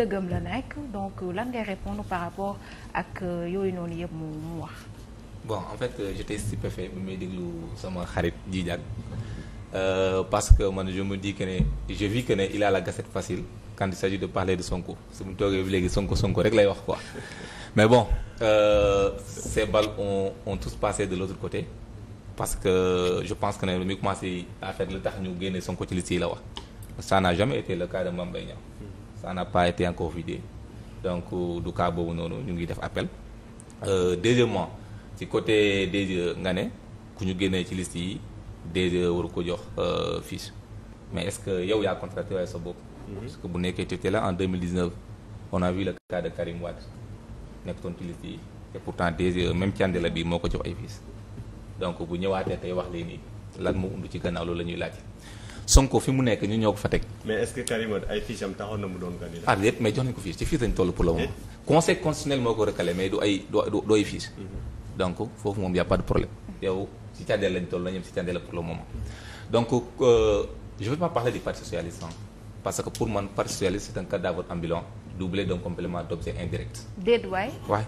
dëggam la nekk donc lan ngay répondre par rapport ak euh, yooyu noonu yëpp mu mu wax. bon en fait euh, j'étais stupéfait bi may déglu sama xarit ji jàkk euh, parce que man je me dis que ne je vis que ne il a la gâchette facile quand il s'agit de parler de Sonko su mu toogee bi léegi Sonko Sonko rek lay wax quoi mais bon euh, ces balles ont ont tous passé de l'autre côté parce que je pense que ne lu muy commencé à faire la tax ñu génne Sonko ci liste yi la wax ça n'a jamais été le cas de Mame ça n'a pas été encore vidé donc euh, du cas boobu noonu ñu ngi def appel euh, deuxièmement ci côté DGE nga ne ku ñu génnee ci liste yi DGE waru ko jox euh, fiche mais est-ce que yow yaa contracté waaye sa bopp mhm. parce que bu nekkee titulaire en 2019 on a vu le cas de Karim Wade nekkoon ci liste yi te pourtant DGE même Thiandé la bii moo ko jox ay fiches donc bu ñëwaatee tey wax lii nii lan mu undu ci gannaaw loolu la ñuy laaj Sonko fi mu nekk ñu ñoo ko fa teg. mais est-ce que Karim ay fiches am taxoon na mu doon candidat. ah déet mais jox nañ ko fiche ci fiche lañ toll pour le moment. conseil constitutionnel moo ko recalé mais du ay du ay fiche. Mhm. donc foofu moom y' a pas de problème. yow ci càndeel lañ toll la ci càndeel pour le moment. donc euh, parti socialiste parce que pour man parti socialiste c'est un cadavre ambulant doublé d'un complément d'objet indirect. déet waay. waay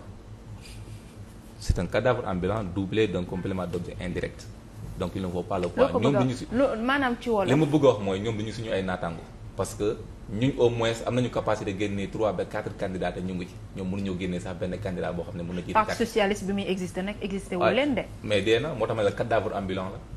c'est un cadavre ambulant doublé d'un complément d'objet indirect. donc il ne vaut pas le poids ñoom duñu si maanaam ci wolof li ma bëgg wax mooy ñoom duñu suñu ay naataango parce que ñun au moins am nañu capacité génne trois ba quatre candidats te ñu ngi ci ñoom mënuñoo génne sax benn candidat boo xam ne mën na ci parti socialiste bi muy existé nag existé wu leen de mais dee na moo tax ma la cadavre ambulant la